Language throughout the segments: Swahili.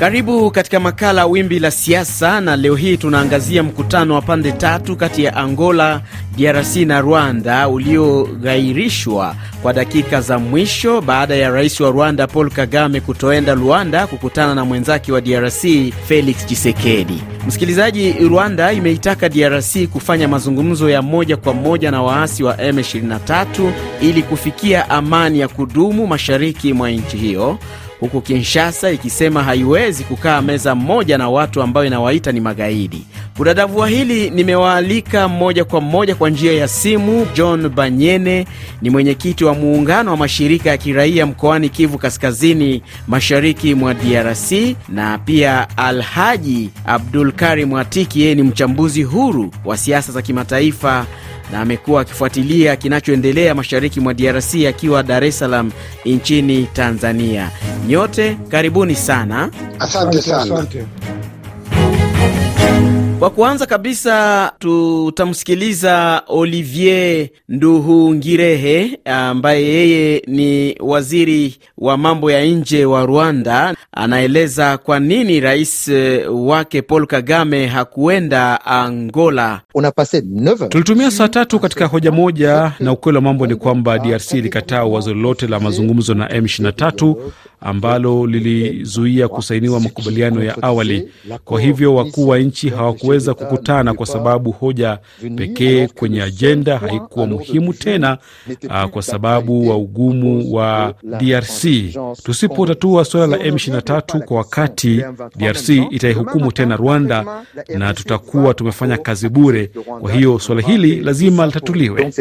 Karibu katika makala Wimbi la Siasa, na leo hii tunaangazia mkutano wa pande tatu kati ya Angola, DRC na Rwanda ulioghairishwa kwa dakika za mwisho baada ya rais wa Rwanda Paul Kagame kutoenda Rwanda kukutana na mwenzake wa DRC Felix Tshisekedi. Msikilizaji, Rwanda imeitaka DRC kufanya mazungumzo ya moja kwa moja na waasi wa M23 ili kufikia amani ya kudumu mashariki mwa nchi hiyo huku Kinshasa ikisema haiwezi kukaa meza moja na watu ambao inawaita ni magaidi. Kudadavua hili nimewaalika moja kwa moja kwa njia ya simu. John Banyene ni mwenyekiti wa muungano wa mashirika ya kiraia mkoani Kivu Kaskazini, mashariki mwa DRC, na pia Alhaji Abdul Karim Atiki, yeye ni mchambuzi huru wa siasa za kimataifa na amekuwa akifuatilia kinachoendelea mashariki mwa DRC akiwa Dar es Salaam nchini Tanzania. Nyote karibuni sana, asante sana, asante. Kwa kuanza kabisa tutamsikiliza Olivier Nduhungirehe ambaye yeye ni waziri wa mambo ya nje wa Rwanda. Anaeleza kwa nini rais eh, wake Paul Kagame hakuenda Angola. Tulitumia saa tatu katika hoja moja, na ukweli wa mambo ni kwamba DRC ilikataa wazo lolote la mazungumzo na M23 ambalo lilizuia kusainiwa makubaliano ya awali. Kwa hivyo wakuu wa nchi hawaku hawakuweza kukutana kwa sababu hoja pekee kwenye ajenda haikuwa muhimu tena, ah, kwa sababu wa ugumu wa DRC. Tusipotatua suala la M23 kwa wakati, DRC itaihukumu tena Rwanda na tutakuwa tumefanya kazi bure. Kwa hiyo suala hili lazima litatuliwe.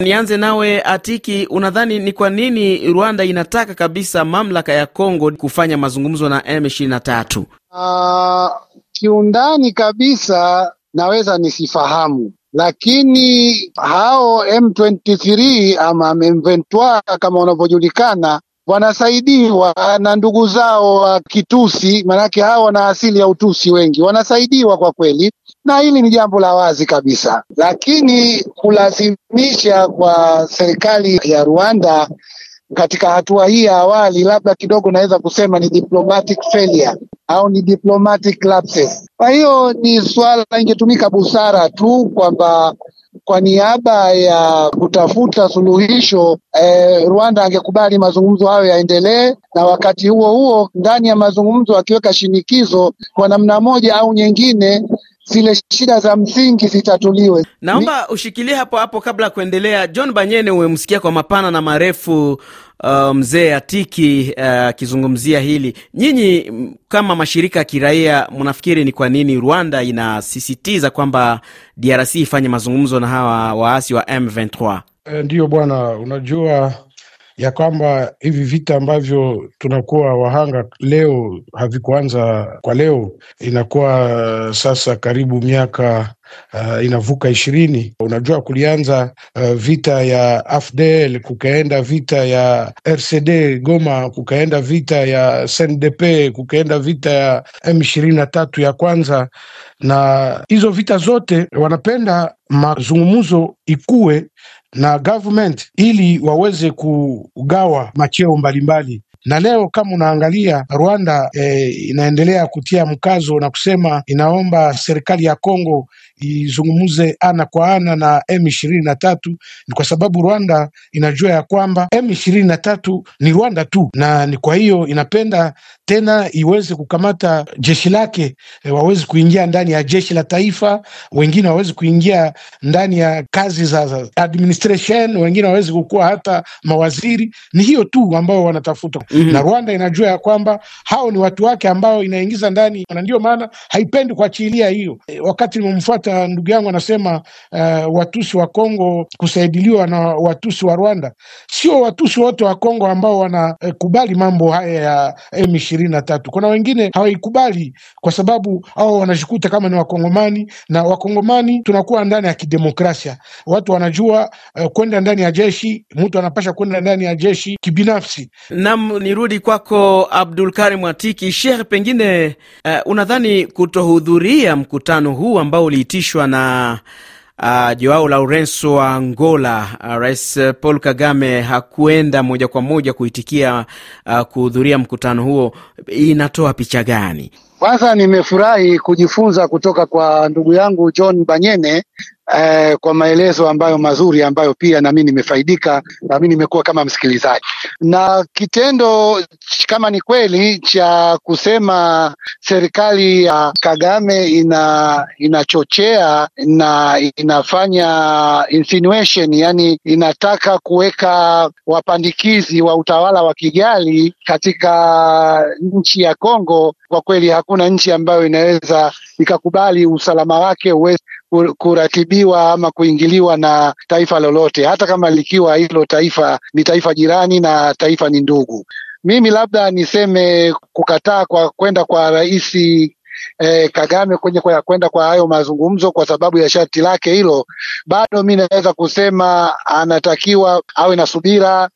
Nianze nawe Atiki, unadhani ni kwa nini Rwanda inataka kabisa mamlaka ya Kongo kufanya mazungumzo na M23? Uh, kiundani kabisa naweza nisifahamu, lakini hao M23 ama M23 kama wanavyojulikana wanasaidiwa na ndugu zao wa Kitusi, maanake hao wana asili ya Utusi, wengi wanasaidiwa kwa kweli, na hili ni jambo la wazi kabisa. Lakini kulazimisha kwa serikali ya Rwanda katika hatua hii ya awali, labda kidogo naweza kusema ni diplomatic failure, au ni diplomatic lapses. Kwa hiyo ni swala, ingetumika busara tu kwamba kwa niaba ya kutafuta suluhisho eh, Rwanda angekubali mazungumzo hayo yaendelee, na wakati huo huo ndani ya mazungumzo akiweka shinikizo kwa namna moja au nyingine zile shida za msingi zitatuliwe. Naomba ushikilie hapo hapo kabla ya kuendelea. John Banyene, umemsikia kwa mapana na marefu uh, mzee Atiki uh, akizungumzia uh, hili. Nyinyi kama mashirika ya kiraia, mnafikiri ni kwa nini Rwanda inasisitiza kwamba DRC ifanye mazungumzo na hawa waasi wa M23? Eh, Ndiyo bwana, unajua ya kwamba hivi vita ambavyo tunakuwa wahanga leo havikuanza kwa leo, inakuwa sasa karibu miaka Uh, inavuka ishirini. Unajua, kulianza uh, vita ya AFDL, kukaenda vita ya RCD Goma, kukaenda vita ya SNDP, kukaenda vita ya M ishirini na tatu ya kwanza, na hizo vita zote wanapenda mazungumuzo ikuwe na government ili waweze kugawa macheo mbalimbali na leo kama unaangalia Rwanda eh, inaendelea kutia mkazo na kusema inaomba serikali ya Kongo izungumze ana kwa ana na M ishirini na tatu ni kwa sababu Rwanda inajua ya kwamba M 23 na tatu ni Rwanda tu, na ni kwa hiyo inapenda tena iweze kukamata jeshi lake, eh, waweze kuingia ndani ya jeshi la taifa, wengine waweze kuingia ndani ya kazi za administration, wengine waweze kukuwa hata mawaziri. Ni hiyo tu ambao wanatafuta mm -hmm. na Rwanda inajua ya kwamba hao ni watu wake ambao inaingiza ndani, na ndio maana haipendi kuachilia hiyo. E, wakati nimemfuata hata ndugu yangu anasema uh, watusi wa Kongo kusaidiliwa na watusi wa Rwanda. Sio watusi wote wa Kongo ambao wanakubali eh, uh, mambo haya ya M ishirini na tatu. Kuna wengine hawaikubali kwa sababu au wanajikuta kama ni Wakongomani, na Wakongomani tunakuwa ndani ya kidemokrasia. Watu wanajua uh, kwenda ndani ya jeshi, mtu anapasha kwenda ndani ya jeshi kibinafsi. Nam, nirudi kwako Abdul Karim Atiki Sheikh, pengine uh, unadhani kutohudhuria mkutano huu ambao uliitia imethibitishwa na Uh, Joao Lourenco wa Angola. Uh, Rais Paul Kagame hakuenda moja kwa moja kuitikia uh, kuhudhuria mkutano huo. Inatoa picha gani? Kwanza nimefurahi kujifunza kutoka kwa ndugu yangu John Banyene eh, kwa maelezo ambayo mazuri ambayo pia nami nimefaidika, nami nimekuwa kama msikilizaji. Na kitendo kama ni kweli cha kusema serikali ya Kagame ina inachochea na inafanya insinuation, yani inataka kuweka wapandikizi wa utawala wa Kigali katika nchi ya Kongo, kwa kweli hakuna nchi ambayo inaweza ikakubali usalama wake uweze kuratibiwa ama kuingiliwa na taifa lolote, hata kama likiwa hilo taifa ni taifa jirani na taifa ni ndugu. Mimi labda niseme kukataa kwa kwenda kwa rais eh, Kagame kwenye kwa kwenda kwa hayo mazungumzo kwa sababu ya sharti lake hilo, bado mi naweza kusema anatakiwa awe na subira,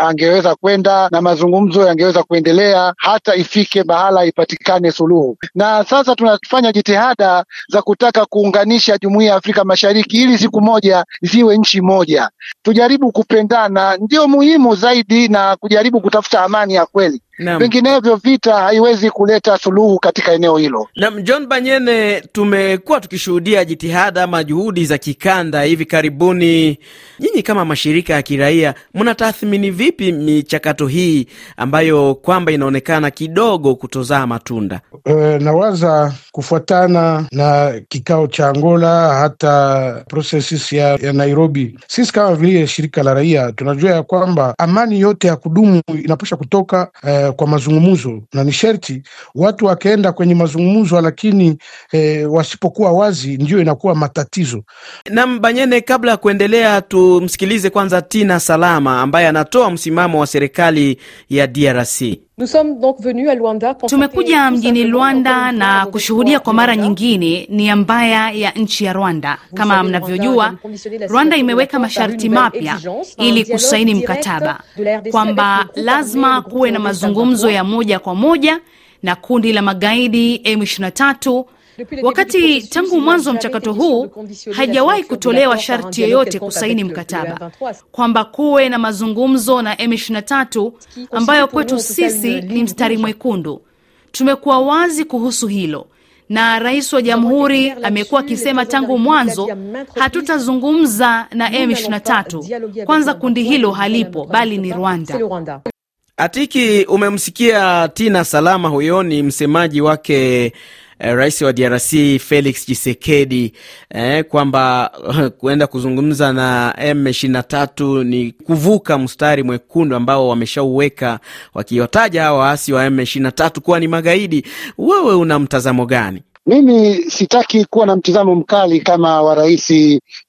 angeweza kwenda na mazungumzo yangeweza kuendelea hata ifike bahala ipatikane suluhu. Na sasa tunafanya jitihada za kutaka kuunganisha jumuiya ya Afrika Mashariki ili siku moja ziwe nchi moja. Tujaribu kupendana, ndio muhimu zaidi, na kujaribu kutafuta amani ya kweli. Vinginevyo vita haiwezi kuleta suluhu katika eneo hilo. Naam, John Banyene, tumekuwa tukishuhudia jitihada ama juhudi za kikanda hivi karibuni. Nyinyi kama mashirika ya kiraia mna unatathmini vipi michakato hii ambayo kwamba inaonekana kidogo kutozaa matunda? E, nawaza kufuatana na kikao cha Angola hata prosesi ya, ya Nairobi, sisi kama vile shirika la raia tunajua ya kwamba amani yote ya kudumu inapasha kutoka e, kwa mazungumzo, na ni sherti watu wakaenda kwenye mazungumzo, lakini e, wasipokuwa wazi ndio inakuwa matatizo. Nam Banyene, kabla ya kuendelea tumsikilize kwanza Tina Salama ambaye anatoa msimamo wa serikali ya DRC. Tumekuja mjini Luanda na kushuhudia kwa mara nyingine nia mbaya ya nchi ya Rwanda. Kama mnavyojua, Rwanda imeweka masharti mapya ili kusaini mkataba kwamba lazima kuwe na mazungumzo ya moja kwa moja na kundi la magaidi M23 Wakati tangu mwanzo wa mchakato huu haijawahi kutolewa sharti yoyote kusaini mkataba, kwamba kuwe na mazungumzo na M23 ambayo kwetu sisi ni mstari mwekundu. Tumekuwa wazi kuhusu hilo na rais wa jamhuri amekuwa akisema tangu mwanzo, hatutazungumza na M23. Kwanza kundi hilo halipo, bali ni Rwanda. Atiki, umemsikia Tina Salama, huyo ni msemaji wake eh, rais wa DRC Felix chisekedi eh, kwamba eh, kuenda kuzungumza na M23 ni kuvuka mstari mwekundu ambao wameshauweka wakiwataja hawa waasi wa M23 kuwa ni magaidi. Wewe una mtazamo gani? Mimi sitaki kuwa na mtizamo mkali kama wa rais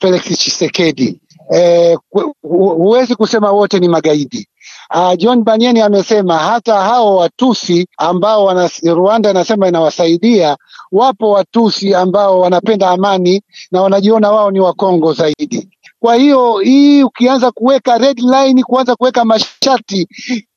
Felix chisekedi Eh, huwezi kusema wote ni magaidi Uh, John Banyeni amesema hata hao Watusi ambao wana, Rwanda inasema inawasaidia, wapo Watusi ambao wanapenda amani na wanajiona wao ni Wakongo zaidi. Kwa hiyo hii ukianza kuweka red line, kuanza kuweka masharti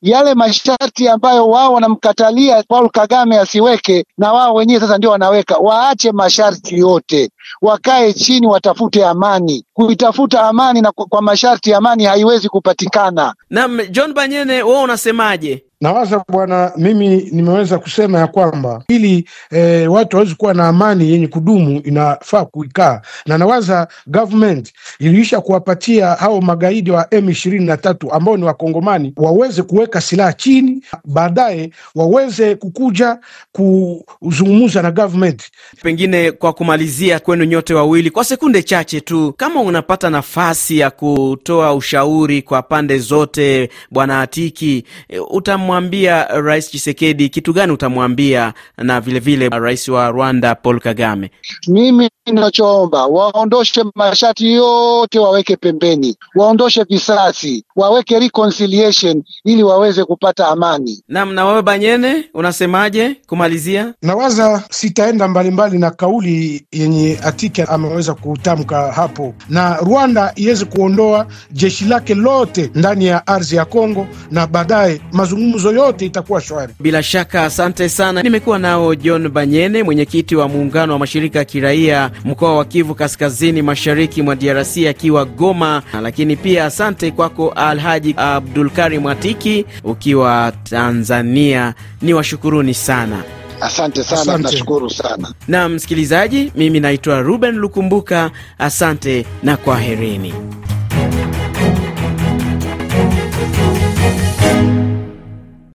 yale masharti ambayo wao wanamkatalia Paul Kagame asiweke, na wao wenyewe sasa ndio wanaweka. Waache masharti yote, wakae chini, watafute amani. Kuitafuta amani na kwa masharti, amani haiwezi kupatikana. Naam, John Banyene, wewe unasemaje? Nawaza bwana, mimi nimeweza kusema ya kwamba ili e, watu waweze kuwa na amani yenye kudumu inafaa kuikaa na nawaza government iliisha kuwapatia hao magaidi wa M23 ambao ni wakongomani waweze kuweka silaha chini, baadaye waweze kukuja kuzungumza na government. Pengine kwa kumalizia kwenu nyote wawili kwa sekunde chache tu, kama unapata nafasi ya kutoa ushauri kwa pande zote, bwana Atiki eh, utam utamwambia Rais Chisekedi kitu gani utamwambia, na vilevile vile rais wa Rwanda Paul Kagame? Mimi ninachoomba waondoshe mashati yote, waweke pembeni, waondoshe visasi, waweke reconciliation ili waweze kupata amani. Naam, na wewe Banyene unasemaje kumalizia? Nawaza sitaenda mbalimbali na kauli yenye Atike ameweza kutamka hapo, na Rwanda iweze kuondoa jeshi lake lote ndani ya ardhi ya Kongo na baadaye mazungumzo mazungumzo yote itakuwa shwari. Bila shaka, asante sana. Nimekuwa nao John Banyene, mwenyekiti wa muungano wa mashirika ya kiraia mkoa wa Kivu Kaskazini, mashariki mwa DRC, akiwa Goma. Lakini pia asante kwako Alhaji Abdulkarim Mwatiki ukiwa Tanzania, ni washukuruni sana. Asante sana, nashukuru sana. Na msikilizaji, mimi naitwa Ruben Lukumbuka, asante na kwaherini.